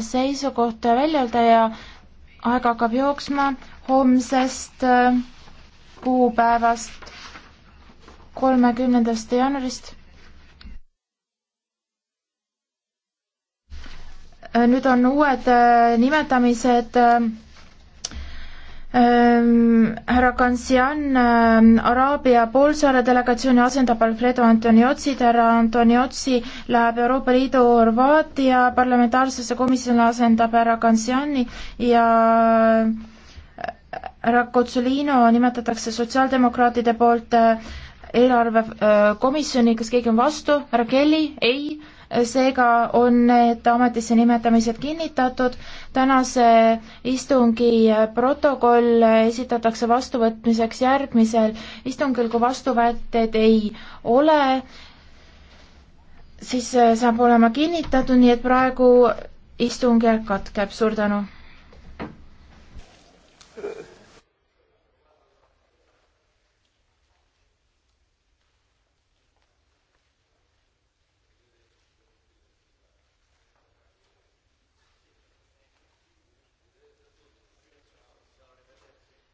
seisukoht välja öelda ja aeg hakkab jooksma homsest äh, kuupäevast, kolmekümnendast jaanuarist. Äh, nüüd on uued äh, nimetamised ähm, härra Kansian äh, Araabia poolsaare delegatsiooni asendab Alfredo Antoniotsi, härra Antoniotsi läheb Euroopa Liidu Horvaatia parlamentaarsesse komisjoni, asendab härra Kansiani ja äh, härra Kotsulino nimetatakse sotsiaaldemokraatide poolt äh, eelarvekomisjoni, äh, kas keegi on vastu, härra Kelly, ei, seega on need ametisse nimetamised kinnitatud, tänase istungi protokoll esitatakse vastuvõtmiseks järgmisel istungil, kui vastuväiteid ei ole, siis äh, saab olema kinnitatud, nii et praegu istungjärk katkeb, suur tänu!